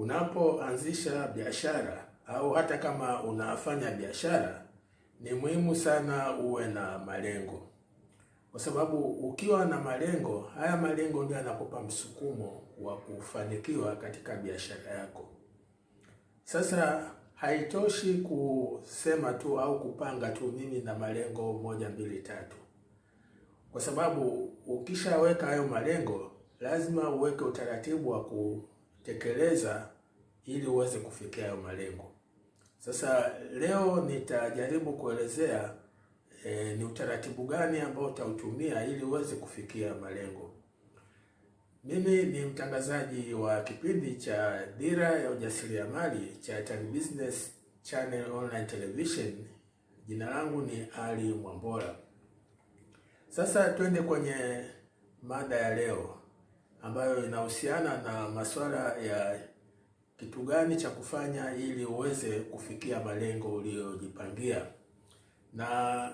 Unapoanzisha biashara au hata kama unafanya biashara, ni muhimu sana uwe na malengo, kwa sababu ukiwa na malengo, haya malengo ndio yanakupa msukumo wa kufanikiwa katika biashara yako. Sasa haitoshi kusema tu au kupanga tu, mimi na malengo moja mbili tatu, kwa sababu ukishaweka hayo malengo, lazima uweke utaratibu wa ku tekeleza ili uweze kufikia hayo malengo. Sasa leo nitajaribu kuelezea e, ni utaratibu gani ambao utautumia ili uweze kufikia malengo. Mimi ni mtangazaji wa kipindi cha Dira ya Ujasiriamali cha Tan Business Channel Online Television. Jina langu ni Ali Mwambola. Sasa twende kwenye mada ya leo ambayo inahusiana na masuala ya kitu gani cha kufanya ili uweze kufikia malengo uliyojipangia. Na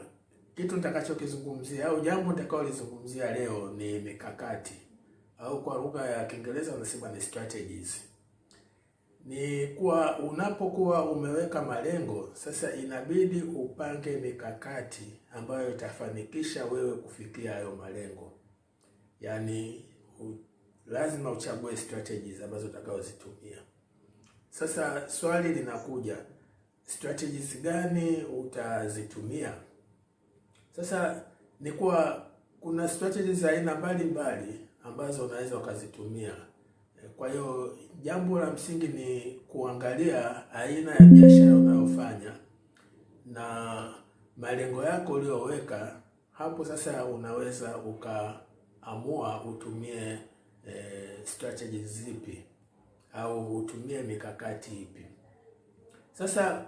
kitu nitakachokizungumzia au jambo nitakaolizungumzia leo ni mikakati au kwa lugha ya Kiingereza wanasema ni strategies. Ni kuwa unapokuwa umeweka malengo sasa, inabidi upange mikakati ambayo itafanikisha wewe kufikia hayo malengo, yaani lazima uchague strategies ambazo utakaozitumia. Sasa swali linakuja, strategies gani utazitumia? Sasa ni kuwa kuna strategies za aina mbalimbali ambazo unaweza ukazitumia. Kwa hiyo jambo la msingi ni kuangalia aina ya biashara unayofanya na malengo yako uliyoweka hapo. Sasa unaweza ukaamua utumie eh, strategy zipi au hutumia mikakati ipi. Sasa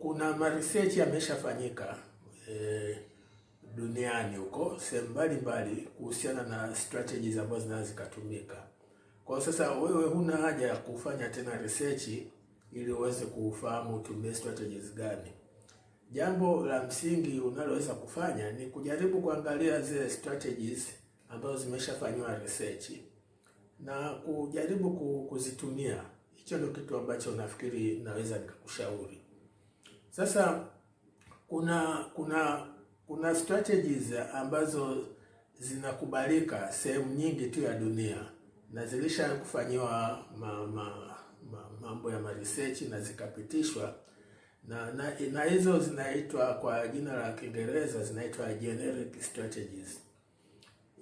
kuna ma research yameshafanyika eh, duniani huko sehemu mbalimbali kuhusiana na strategies ambazo zinaweza zikatumika. Kwa sasa wewe huna haja ya kufanya tena research ili uweze kufahamu utumie strategies gani. Jambo la msingi unaloweza kufanya ni kujaribu kuangalia zile strategies ambazo zimeshafanywa research na kujaribu kuzitumia. Hicho ndio kitu ambacho nafikiri naweza nikakushauri. Sasa kuna kuna kuna strategies ambazo zinakubalika sehemu nyingi tu ya dunia na zilisha kufanyiwa ma, ma, ma, mambo ya research na zikapitishwa na na hizo zinaitwa kwa jina la Kiingereza zinaitwa generic strategies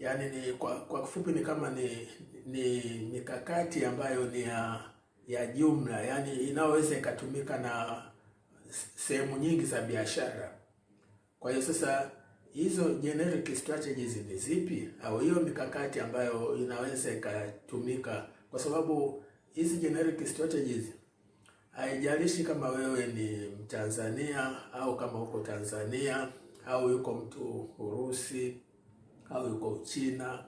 yani ni kwa, kwa kifupi ni kama ni ni mikakati ambayo ni ya, ya jumla yani inayoweza ikatumika na sehemu nyingi za biashara. Kwa hiyo sasa hizo generic strategies ni zipi, au hiyo mikakati ambayo inaweza ikatumika, kwa sababu hizi generic strategies haijalishi kama wewe ni Mtanzania au kama uko Tanzania au yuko mtu Urusi au yuko china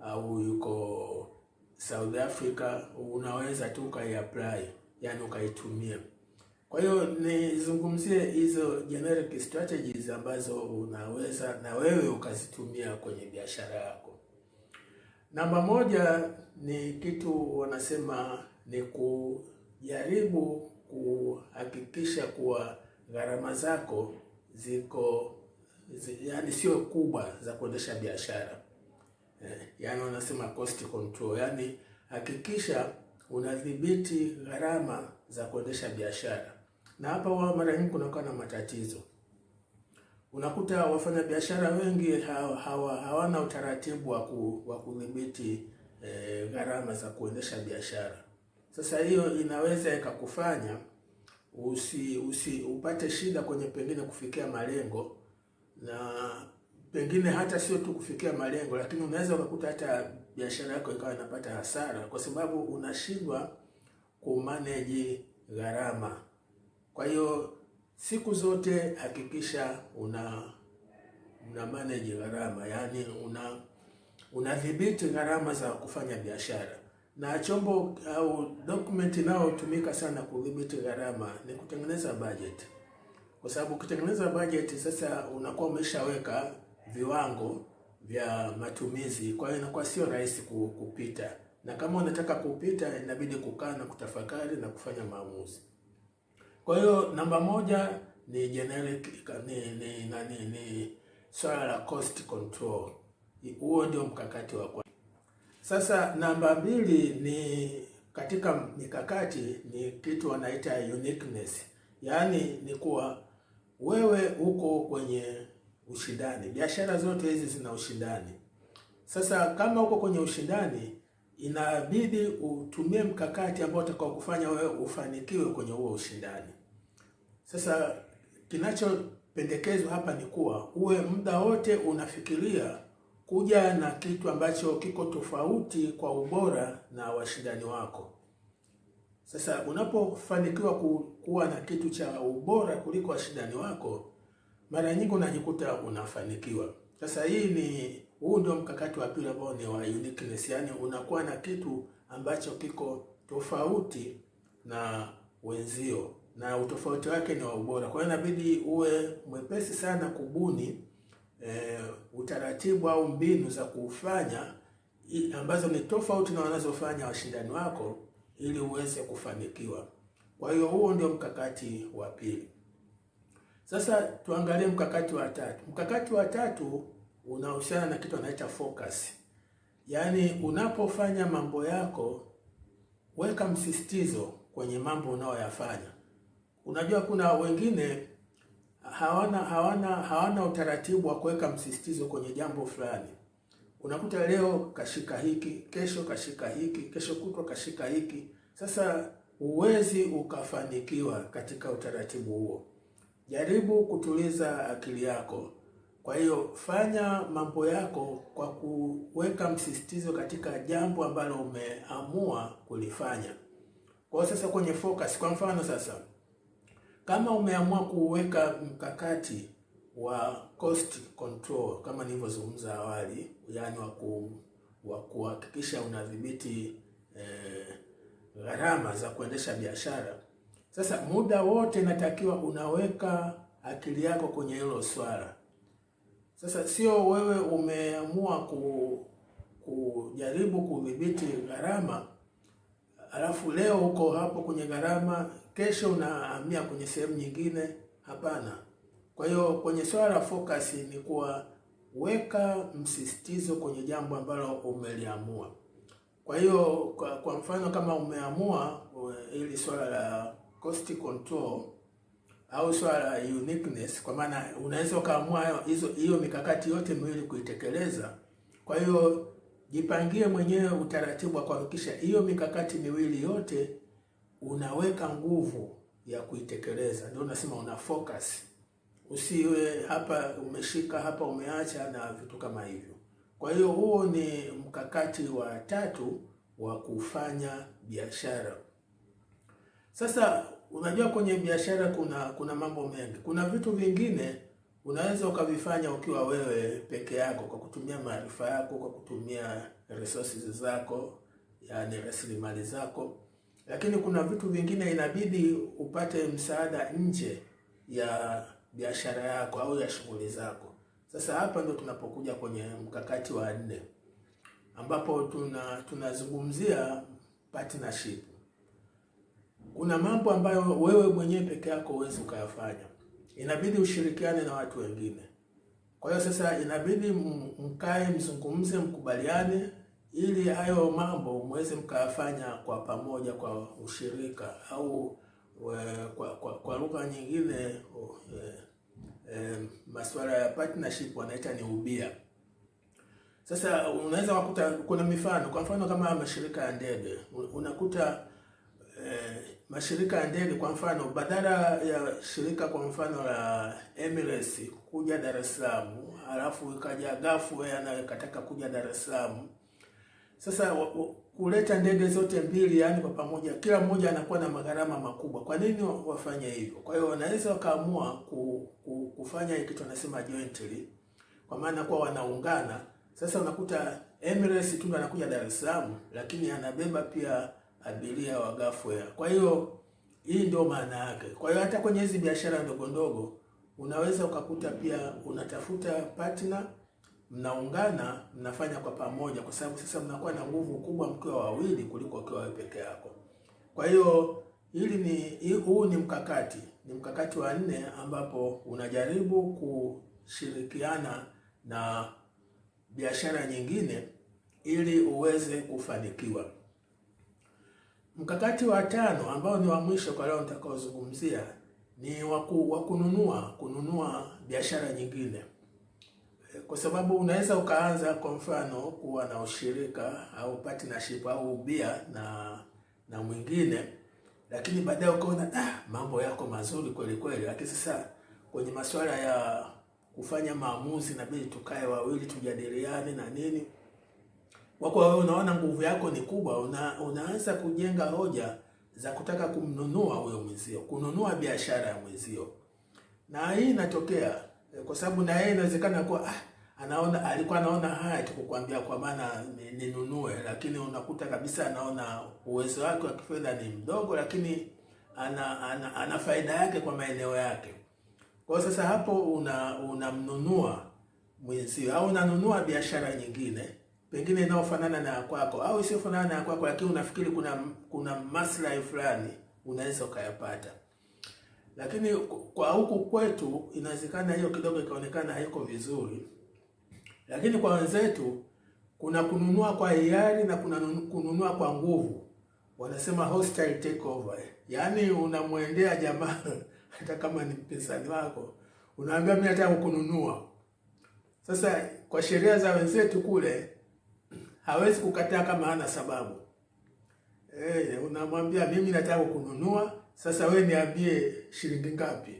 au yuko South Africa, unaweza tu ukaiapply, yani ukaitumia. Kwa hiyo nizungumzie hizo generic strategies ambazo unaweza na wewe ukazitumia kwenye biashara yako. Namba moja ni kitu wanasema ni kujaribu kuhakikisha kuwa gharama zako ziko yani sio kubwa za kuendesha biashara eh, yani wanasema cost control, yani hakikisha unadhibiti gharama za kuendesha biashara. Na hapa wao mara nyingi kunakuwa na matatizo, unakuta wafanyabiashara wengi hawa, hawa, hawana utaratibu wa kudhibiti eh, gharama za kuendesha biashara. Sasa hiyo inaweza ikakufanya usi, usi upate shida kwenye pengine kufikia malengo na pengine hata sio tu kufikia malengo, lakini unaweza ukakuta hata biashara yako ikawa inapata hasara kwa sababu unashindwa kumanage gharama. Kwa hiyo siku zote hakikisha una una manage gharama, yaani una unadhibiti gharama za kufanya biashara. Na chombo au document inayotumika sana kudhibiti gharama ni kutengeneza bajeti kwa sababu ukitengeneza bajeti sasa unakuwa umeshaweka viwango vya matumizi, kwa hiyo inakuwa sio rahisi kupita, na kama unataka kupita inabidi kukaa na kutafakari na kufanya maamuzi. Kwa hiyo namba moja ni generic, ni, ni, nani, ni swala la cost control. Huo ndio mkakati wa kwanza. Sasa namba mbili ni katika mikakati, ni kitu wanaita uniqueness, yaani ni kuwa wewe uko kwenye ushindani, biashara zote hizi zina ushindani. Sasa kama uko kwenye ushindani, inabidi utumie mkakati ambao utakao kufanya wewe ufanikiwe kwenye huo ushindani. Sasa kinachopendekezwa hapa ni kuwa uwe muda wote unafikiria kuja na kitu ambacho kiko tofauti kwa ubora na washindani wako. Sasa unapofanikiwa kuwa na kitu cha ubora kuliko washindani wako, mara nyingi unajikuta unafanikiwa. Sasa hii ni huu ndio mkakati wa pili ambao ni wa uniqueness, yaani unakuwa na kitu ambacho kiko tofauti na wenzio na utofauti wake ni wa ubora. Kwa hiyo inabidi uwe mwepesi sana kubuni e, utaratibu au mbinu za kufanya ambazo ni tofauti na wanazofanya washindani wako ili uweze kufanikiwa. Kwa hiyo huo ndio mkakati wa pili. Sasa tuangalie mkakati wa tatu. Mkakati wa tatu unahusiana na kitu anaita focus, yaani unapofanya mambo yako weka msisitizo kwenye mambo unayoyafanya Unajua kuna wengine hawana hawana hawana utaratibu wa kuweka msisitizo kwenye jambo fulani. Unakuta leo kashika hiki, kesho kashika hiki, kesho kutwa kashika hiki. Sasa huwezi ukafanikiwa katika utaratibu huo. Jaribu kutuliza akili yako. Kwa hiyo fanya mambo yako kwa kuweka msisitizo katika jambo ambalo umeamua kulifanya. Kwa sasa kwenye focus, kwa mfano sasa, kama umeamua kuweka mkakati wa cost control kama nilivyozungumza awali, yaani wa kuhakikisha unadhibiti eh, gharama za kuendesha biashara. Sasa muda wote inatakiwa unaweka akili yako kwenye hilo swala. Sasa sio wewe umeamua ku, kujaribu kudhibiti gharama alafu leo uko hapo kwenye gharama, kesho unahamia kwenye sehemu nyingine. Hapana. Kwa hiyo kwenye swala la focus ni weka msisitizo kwenye jambo ambalo umeliamua. Kwa hiyo kwa, kwa mfano kama umeamua eh, ili swala la cost control au swala la uniqueness, kwa maana unaweza ukaamua hizo hiyo mikakati yote miwili kuitekeleza. Kwa hiyo jipangie mwenyewe utaratibu wa kuhakikisha hiyo mikakati miwili yote unaweka nguvu ya kuitekeleza, ndio unasema una focus usiwe hapa umeshika hapa umeacha na vitu kama hivyo. Kwa hiyo huo ni mkakati wa tatu wa kufanya biashara. Sasa unajua kwenye biashara kuna kuna mambo mengi, kuna vitu vingine unaweza ukavifanya ukiwa wewe peke yako kwa kutumia maarifa yako, kwa kutumia resources zako, yani rasilimali zako, lakini kuna vitu vingine inabidi upate msaada nje ya biashara yako au ya shughuli zako. Sasa hapa ndo tunapokuja kwenye mkakati wa nne ambapo tuna tunazungumzia partnership. Kuna mambo ambayo wewe mwenyewe peke yako huwezi ukayafanya, inabidi ushirikiane na watu wengine. Kwa hiyo sasa inabidi mkae, mzungumze, mkubaliane ili hayo mambo mweze mkayafanya kwa pamoja, kwa ushirika au kwa, kwa, kwa lugha nyingine oh, eh, eh, masuala ya partnership wanaita ni ubia. Sasa unaweza kukuta kuna mifano, kwa mfano kama mashirika ya ndege unakuta eh, mashirika ya ndege kwa mfano, badala ya shirika kwa mfano la Emirates kuja Dar es Salaam, halafu ikaja Gulf Air nayo ikataka kuja Dar es Salaam sasa wa, wa, kuleta ndege zote mbili yani kwa pamoja, kila mmoja anakuwa na magharama makubwa. Kwa nini wafanye hivyo? Kwa hiyo wanaweza wakaamua ku, ku, kufanya kitu wanasema jointly, kwa maana kuwa wanaungana. Sasa unakuta Emirates tu anakuja Dar es Salaam, lakini anabeba pia abiria wa Gulf Kwa hiyo hii ndio maana yake. Kwa hiyo hata kwenye hizi biashara ndogo ndogo unaweza ukakuta pia unatafuta partner mnaungana, mnafanya kwa pamoja, kwa sababu sasa mnakuwa na nguvu kubwa mkiwa wawili kuliko ukiwa wewe peke yako. Kwa hiyo hili ni huu ni mkakati, ni mkakati wa nne ambapo unajaribu kushirikiana na biashara nyingine ili uweze kufanikiwa. Mkakati wa tano ambao ni wa mwisho kwa leo nitakaozungumzia ni wa kununua kununua biashara nyingine kwa sababu unaweza ukaanza kwa mfano kuwa na ushirika au partnership au ubia na na mwingine, lakini baadaye ukaona ah, mambo yako mazuri kweli kweli, lakini sasa kwenye masuala ya kufanya maamuzi nabidi tukae wawili tujadiliane na nini. Wako wewe unaona nguvu yako ni kubwa, una, unaanza kujenga hoja za kutaka kumnunua huyo mwenzio, kununua biashara ya mwenzio, na hii inatokea Eh, kwa sababu na yeye inawezekana kuwa ah, anaona alikuwa anaona haya tukukwambia kwa maana ninunue, lakini unakuta kabisa anaona uwezo wake wa kifedha ni mdogo, lakini ana, ana, ana faida yake kwa maeneo yake. Kwa sasa hapo unamnunua una mwenzio au unanunua biashara nyingine pengine inayofanana na kwako au isiyofanana na kwako, lakini unafikiri kuna kuna maslahi fulani unaweza ukayapata. Lakini kwa huku kwetu inawezekana hiyo kidogo ikaonekana haiko vizuri, lakini kwa wenzetu kuna kununua kwa hiari na kuna kununua kwa nguvu, wanasema hostile takeover. Yaani unamwendea jamaa hata kama ni mpinzani wako, unaambia mimi nataka kununua. Sasa kwa sheria za wenzetu kule hawezi kukataa kama hana sababu. Eh, unamwambia mimi nataka kununua sasa we niambie shilingi ngapi?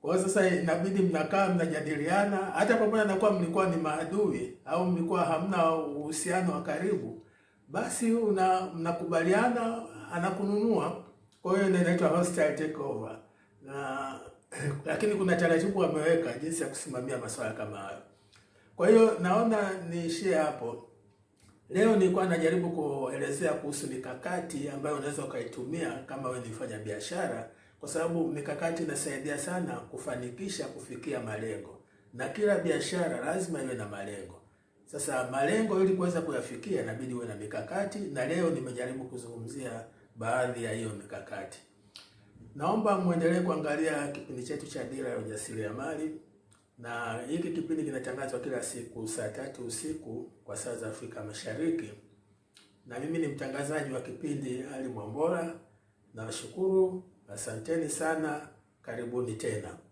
Kwa sasa inabidi mnakaa mnajadiliana, hata pamoja na kuwa mlikuwa ni maadui au mlikuwa hamna uhusiano wa karibu, basi una, mnakubaliana anakununua. Kwa hiyo inaitwa hostile takeover na lakini kuna taratibu wameweka jinsi ya kusimamia masuala kama hayo. Kwa hiyo naona niishie hapo. Leo nilikuwa najaribu kuelezea kuhusu mikakati ambayo unaweza ukaitumia kama wewe ni mfanya biashara, kwa sababu mikakati inasaidia sana kufanikisha kufikia malengo, na kila biashara lazima iwe na malengo. Sasa malengo ili kuweza kuyafikia, inabidi uwe na mikakati, na leo nimejaribu kuzungumzia baadhi ya hiyo mikakati. Naomba muendelee kuangalia kipindi chetu cha Dira ya Ujasiriamali na hiki kipindi kinatangazwa kila siku saa tatu usiku kwa saa za Afrika Mashariki, na mimi ni mtangazaji wa kipindi Ali Mwambola. Nawashukuru, asanteni sana, karibuni tena.